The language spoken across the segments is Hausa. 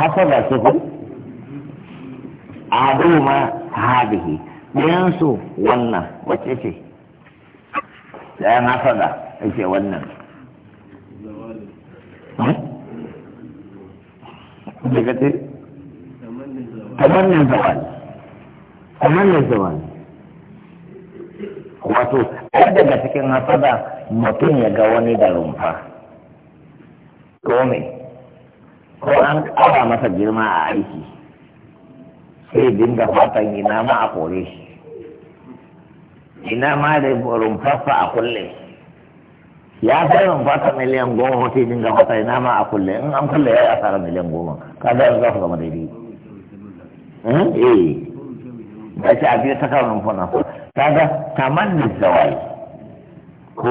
hasada ce ku adu ma hadihi ɗayan su wannan wacce ce ɗayan hasada ce wannan daga wato ɗaya daga cikin hasada mutum ya ga wani da rumfa ko me ko an kara masa girma a aiki sai dinga fatan ina ma a kore shi ina ma da rumfafa a kulle ya kai rumfafa miliyan goma sai dinga fata ina ma a kulle in an kulle ya yi asara miliyan goma ka zai za su zama daidai hmm? eh ba shi abin ta na ta ga kaga da zawai ko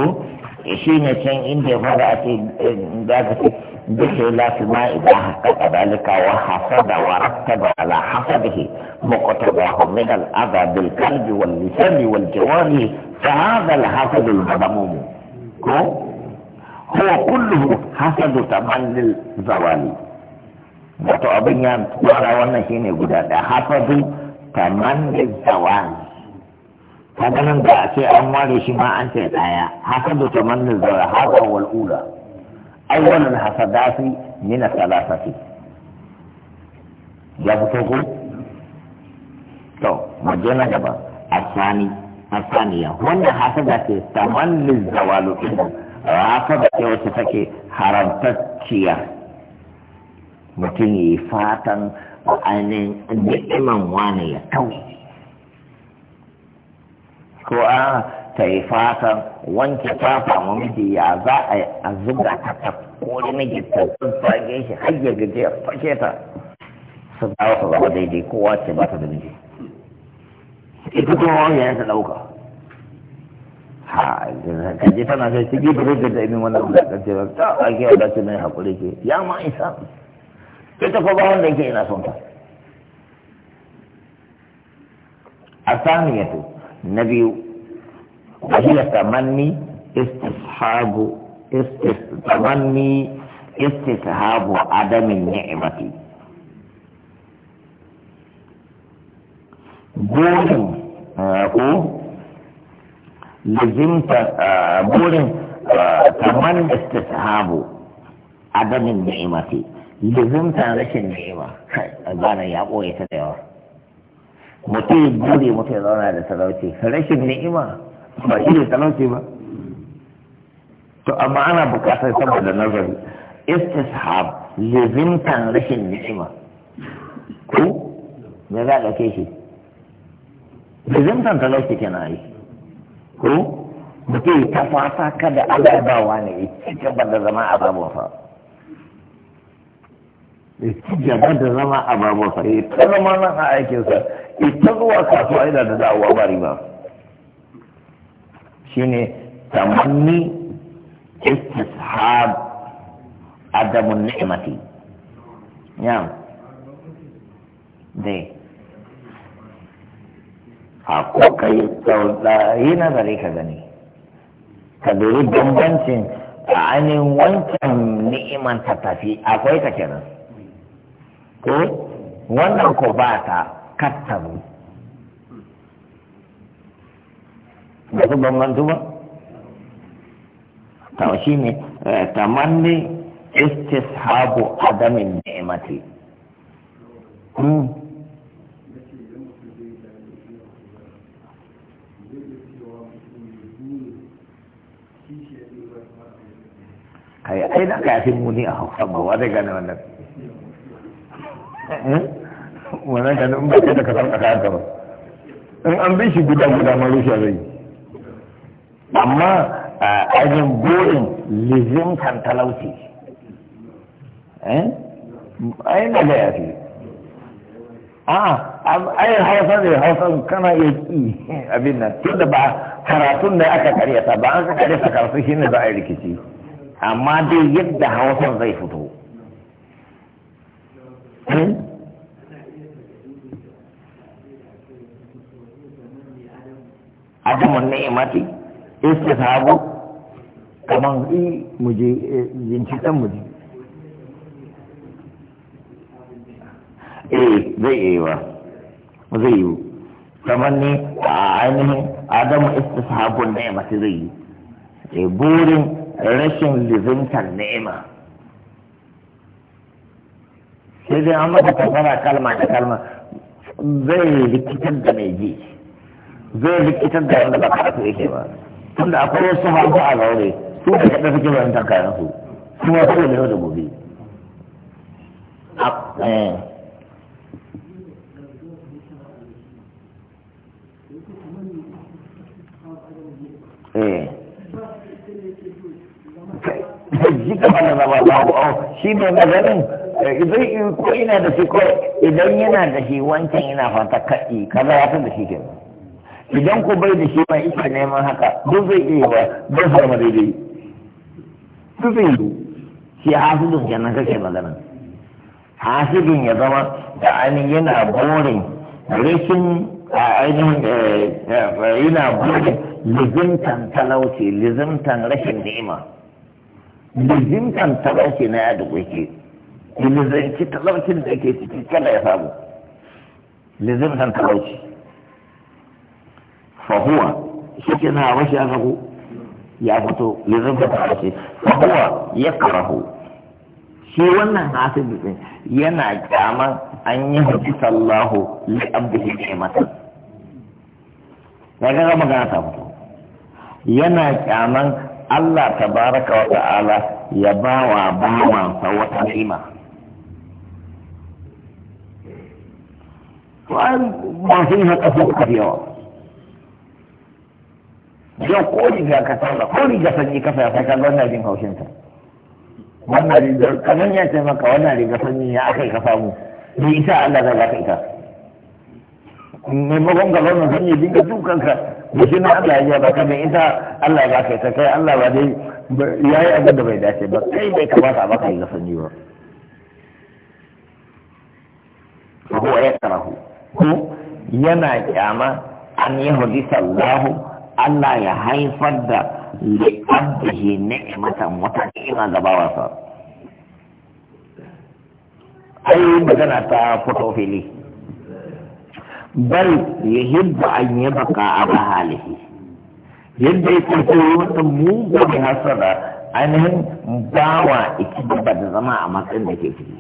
shi ne can inda ya fara eh, a ce بهي لا تما إذا حقق ذلك وحسد ورتب على حسده مقتضاه من الأذى بالقلب واللسان والجواري فهذا الحسد المذموم هو كله حسد تمن الزوال وتو أبنيا ولا يقول هذا حسد تمن للزوال فقال أنت أشياء أموالي شما أنت حسد تمن للزوال هذا هو الأولى ai wannan hasadati min salasati ya fito ko to mu na gaba asani ya wanda hasada ke tamallin zawalu hasada ke wacce take haramtacciya mutum ya yi fatan ainihin ni'iman wane ya tau ko a ah, ta yi fatan wanke fata mamiji miji ya za a yi a zuga ta ta kori miji ta tsage shi har ya gaje a fashe ta su dawo ta zama daidai kowa ce ba ta da miji ita kuma wani ya ta ɗauka ha kaje tana sai ta gibe rage da imin wannan wulakance ba ta ake yau dace mai haƙuri ke ya ma isa ita fa ba wanda yake ina son ta a yato na biyu وهي تمني استصحاب تمني استصحاب عدم النعمة بورن هو لزمت بورن تمني استصحاب عدم النعمة لزم تنرش النعمة أنا يا أبو يتدعو mutum ya jure mutum ya zauna da talauci rashin ni'ima ba shi ne talauci ba to amma ana bukatar saboda nazari istishab lizintan rashin ni'ima ko me za ka ɗauke shi lizintan talauci kenan yi ko mutum ta fata kada Allah ba wani ya gaba da zama a babunsa ya gaba da zama a babunsa ya ta zama nan a aikinsa ita zuwa kasuwa yana da da'awa ba riba shine tamanni istishab adamun ni'mati ya de a ko kai sauda yi nazari ka gani ka dori bambancin a ainihin wancan ni'iman ta tafi akwai ka kenan ko wannan ko ba ta kattabu ba su bambantu ba ta shi ne eh, tamanni adamin hmm. kai ai da muni a hausa ba wa zai gane wannan eh? wannan ba ka da ba in an bi shi guda guda ma zai yi amma a ajin burin lizimtan talauci eh? ai na da yafi a ai hausa ne hausa kana iya ki abin nan tunda ba karatun da aka karyata ba an ka karyata karatu shine za a yi rikici amma dai yadda hausa zai fito eh? adamun ni'imati sabu kaman i muje binciken e, muje eh zai yiwa, zai yi kamar ne a ainihin adamu istihabun ni'ima sai zai yi E burin rashin lizintar ni'ima sai dai an maka tafara kalma da kalma zai rikitar da mai ji zai rikitar da wanda ba ka yake ba tunda akwai wasu hagu a zaure su da kaɗa suke fahimtar kayan su su ma su da yau da gobe eh. Eh. ji gaba da zama babu au shi ne maganin eh, zai yi ko ina da shi ko idan yana da shi wancan yana fata kaɗi kaza ya san da shi kenan idan ko bai da shi ma ita neman haka duk zai iya wa bai ma daidai duk zai yi shi hasidun kenan kake magana hasidun ya zama da ainihin yana borin rashin a ainihin eh, eh, yana borin lizimtan talauci lizimtan rashin ni'ima lizimtan talauci na ya dukwake lizimci talaucin da ke ciki kada ya samu lizimtan talauci فهو شكنا وشأنه يعبط لغفة عرشه فهو يكره shi wannan hasidu din yana kyaman an yi hujjata Allah li abdihi ni'matan ya ga magana ta fito yana kyaman Allah tabaraka wa ta'ala ya ba wa bawansa wata ni'ima masu yin haka su kafi yawa don ko riga ka sauka ko riga sanyi ka saya sai ka ga wannan jin haushin ta wannan riga kaman ya ce maka wannan riga sanyi ya akai ka samu bai isa Allah zai zaka ita maimakon ka zauna sanyi dinga dukanka da shi na Allah ya baka mai ita Allah ya baka ita kai Allah ba dai ya yi abin da bai dace ba kai bai kamata a baka riga sanyi ba ko ya karahu ko yana kyama an yi hadisa Allahu Allah ya haifar da li'abdihi ni'matan wata ni'ima ga bawansa ai magana ta fito fili bal hibba an yi baka ala halihi yadda ya kurce wata mugun hasara ainihin bawa iki gaba da zama a matsayin da ke ciki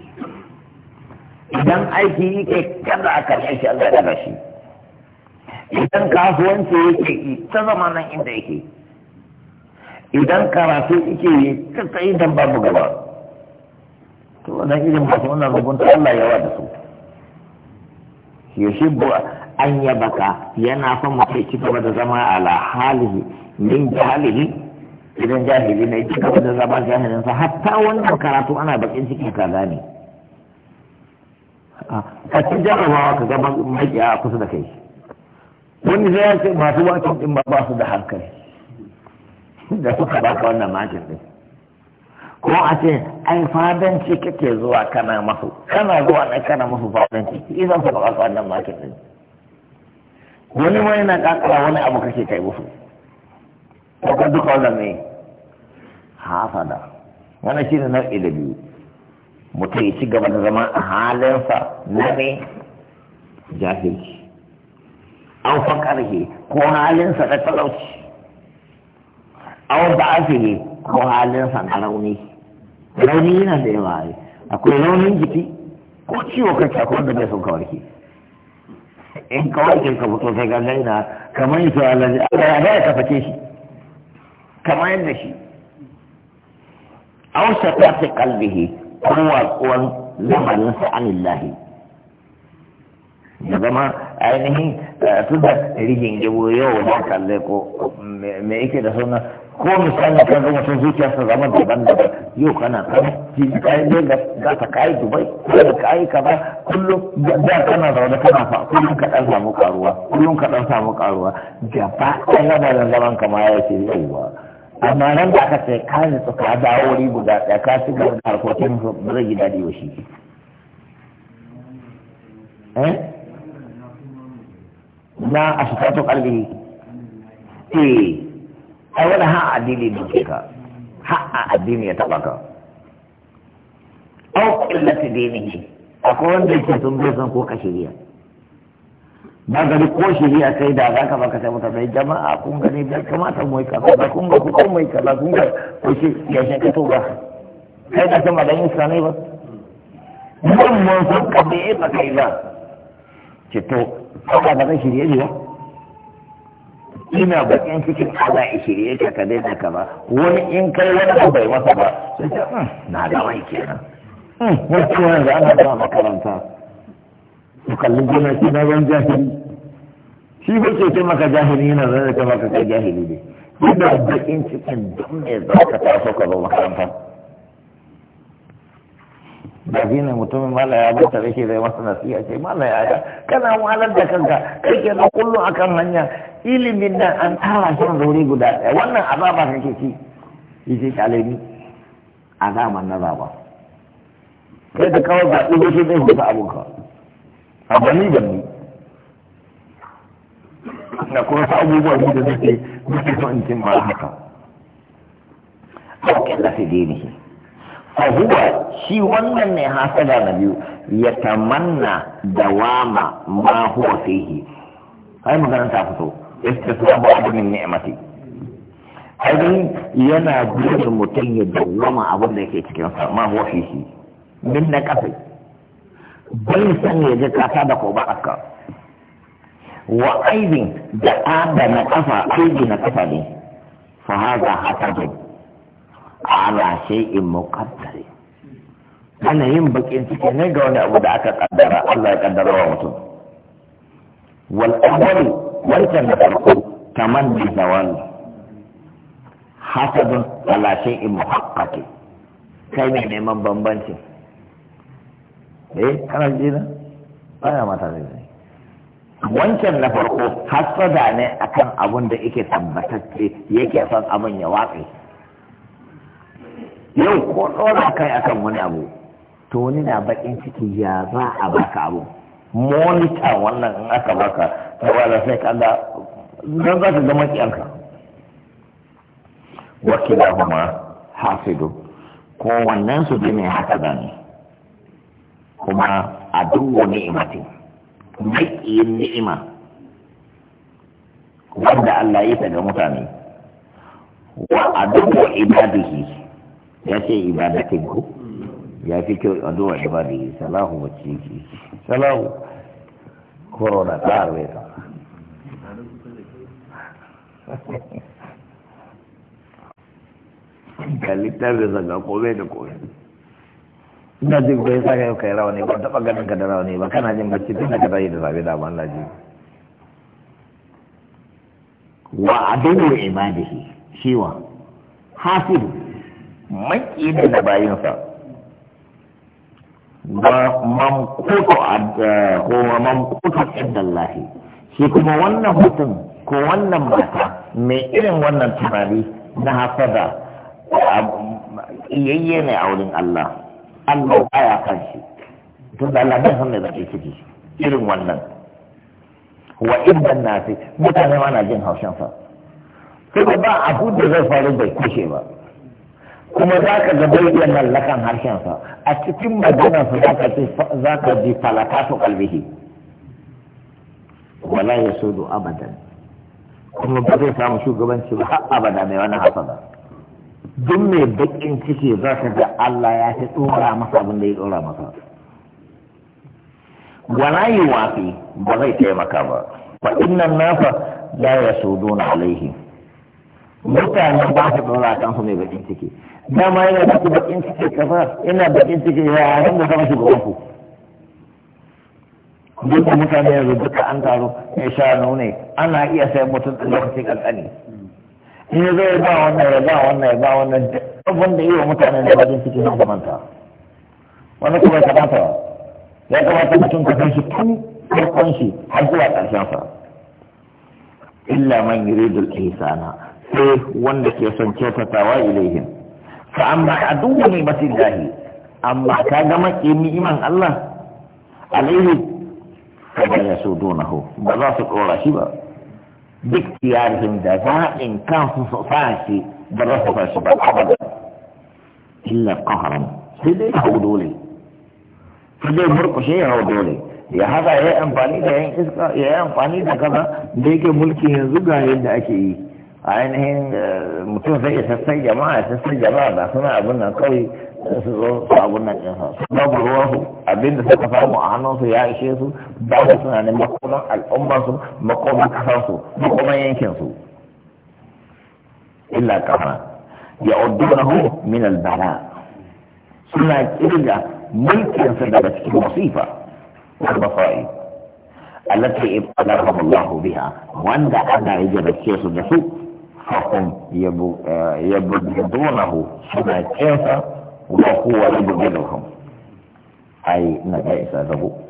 idan aiki kai kada a karshe shi an gada shi idan kasuwanci yake yi ta zama nan inda yake idan karatu yake yi ta yi dan babu gaba to wannan irin masu wannan rubunta Allah yawa da su bu an baka yana son mutum ci gaba da zama ala halihi min jahilihi idan jahili ne ci gaba da zama jahilin sa hatta wannan karatu ana bakin ciki ka gane a cikin jarabawa ka ga maƙiya kusa da kai wani sai ya ce masu wakin din ba su da hankali da suka ba ka wannan makin din ko a ce ai fadanci kake zuwa kana masu kana zuwa na kana masu fadanci idan ba ka wannan makin din wani ma yana kakara wani abu kake kai musu ko ka duka wannan ne hasada wannan shine nau'i da biyu mutum ya ci gaba da zama a halinsa na ne jahilci aw faqarihi ko halinsa na talauci aw da'afihi ko halinsa na rauni rauni yana da yawa ne akwai raunin jiki ko ciwo kai akwai wanda bai son kawarki in kawarki ka fito sai ka gaina kamar yasa Allah ya ba ka fake shi kamar yadda shi aw shatati qalbihi ko watsuwan lamarinsa anillahi ya zama ainihin eh, tunda rigin jibo yau wajen kalle ko me yake da suna ko misali kan zama sun zuciyarsa zama daban daban yau kana kan jiji kayan da za ta kayi dubai da kayi kaza kullum da kana zaune kana fa kullum ka dan samu karuwa kullum ka dan samu karuwa gaba ɗaya da zaman kama ya ce yauwa amma nan da aka ce kan nutsu ka dawo wuri guda ɗaya ka ci gaba da harkokin zai yi daɗi wa shi. Eh? na a shifatu kalbi eh ai wani ha addini ke ka ha addini ya taba ka au illati dinihi akwai wanda yake sun bai san ko ka shirya ba gari ko shirya sai da za ka baka sai mai jama'a kun gani bai kamata mu yi kaza ba kun ga ku kun mai kaza kun ga ko shi ya shi ka toba kai ka da madan islamai ba mun mun san ka bai ba kai ba ki to Allah da zan shirye ne ba ina bakin cikin Allah a shirye ka ka daina ka ba wani in kai wani abu bai masa ba sai ta hmm, na da hmm, wai kenan wani ciwon da ana zuwa makaranta su kalli jina shi na zan jahili shi ba ke ce maka jahili yana zan da maka kai jahili ne ina bakin cikin don me za ka taso ka zo makaranta ba shi ne mutumin malaya ba ta rike zai masa nasiha ce malaya ya kana walar da kanka kai ke na kullum kan hanya ilimin nan an tara shi wuri guda ɗaya wannan azaba kake ci yi ce kyalemi azaban na zaba kai da kawai zaɓi ba shi zai huta abinka a gani da ni da kuma sa abubuwa shi da suke muke son cin ba haka. Aukin lafi shi. fahuwa shi wannan ne hasada na biyu ya tamanna dawama ma huwa fihi ai magana ta fito istisna ba abu min ni'mati ai yana gudu mutum ya dawama abin da yake cikin sa ma huwa fihi min na kafi bai san ya ji kasa da ko ba aka wa aibin da adana kafa aibi na kafa ne fa haza hasadun ala shay'in muqaddar ana yin bakin ciki ne ga wani abu da aka kaddara Allah ya kaddara wa mutum wal awwalu wancan da farko tamanni zawal hasadun ala shay'in muhaqqaqi kai ne neman bambanci eh kana jira baya mata da ne wancan na farko hasada ne akan abun da yake tabbatacce yake son abun ya watsa yau ko ɗora kai akan wani abu to wani na bakin ciki ya za a baka abu monita wannan in aka baka da sai kada ga za ka zama kiyanka wakila kuma hafidu ko wannan su bi mai haka da ne kuma a duwa ni'imatin maƙiyin ni'ima wanda Allah ya ta ga mutane wa a dubu ibadihi ya ce ibadatin ku ya fi kyau duwa ibadi salahu wacce yake salahu corona ta harbe ta ga da zaga kome da kome ina jin bai sa yau kai rawani ba taɓa ganin ka da rawani ba kana jin bacci tun daga rayu da zabe da ban laji wa adu ibadihi shiwa hafidu maki ne da bayinsa ba mamkutu eh, ko mamkutu lahi shi kuma wannan mutum ko wannan mata mai irin wannan tunani na hasada yayye ne a wurin Allah Allah baya kan shi tun da Allah bai san mai ciki irin wannan wa idan nasi mutane ma na jin haushansa sai ba abu da zai faru bai kushe ba kuma za ka ga bayyan mallakan harshensa a cikin maganarsa za ka ce za ka ji falakatu kalbihi wala ya sodo abadan kuma ba zai samu shugabanci ba har abada mai wani hasada duk mai bakin ciki za ka ga Allah ya fi tsora masa abin da ya tsora masa wala yi wafi ba zai taimaka ba fa innan nasa la yasuduna alaihi mutane ba su kan kansu mai bakin ciki dama yana da su bakin cike kafa ina bakin cike ya ran da kama shugaban ku duk da mutane yanzu duka an taro ya sha ne ana iya sai mutum da lokacin kankani in ya zai ba wannan ya ba wannan ya ba wannan abin da iya mutane da bakin cike na kamanta wani kuma ya kamata ba ya kamata mutum ka san shi tun farkon shi har zuwa ƙarshen sa illa man yuridul ihsana sai wanda ke son kyautatawa ilaihim fa amma aduwwu mai basillahi amma ka ga maki iman Allah alaihi fa ya so donahu ba za su kora shi ba duk tiyarihim da in kansu su sa shi ba za su fashi ba abada illa qahran sai dai hau dole sai dai murkushe ya hau dole ya haɗa ya yi amfani da yan iska ya yi amfani da kaza da yake mulki yanzu ga yadda ake yi ainihin mutum zai iya sassai jama'a sassai jama'a ba suna abin nan kawai su zo su abin nan ɗinsa babu ruwansu abin da suka samu a hannunsu ya ishe su ba su tunanin makoman al'ummarsu makoman kasarsu makoman yankinsu illa kafa ya uddunahu min al-bala suna kirga mulkinsa daga cikin musifa wal basa'i allati ibtalahum Allah biha wanda Allah ya jarabce su da su haƙon ya bugidonahu suna kensa wa kowa ya bugidonahun ai na ga isa zabo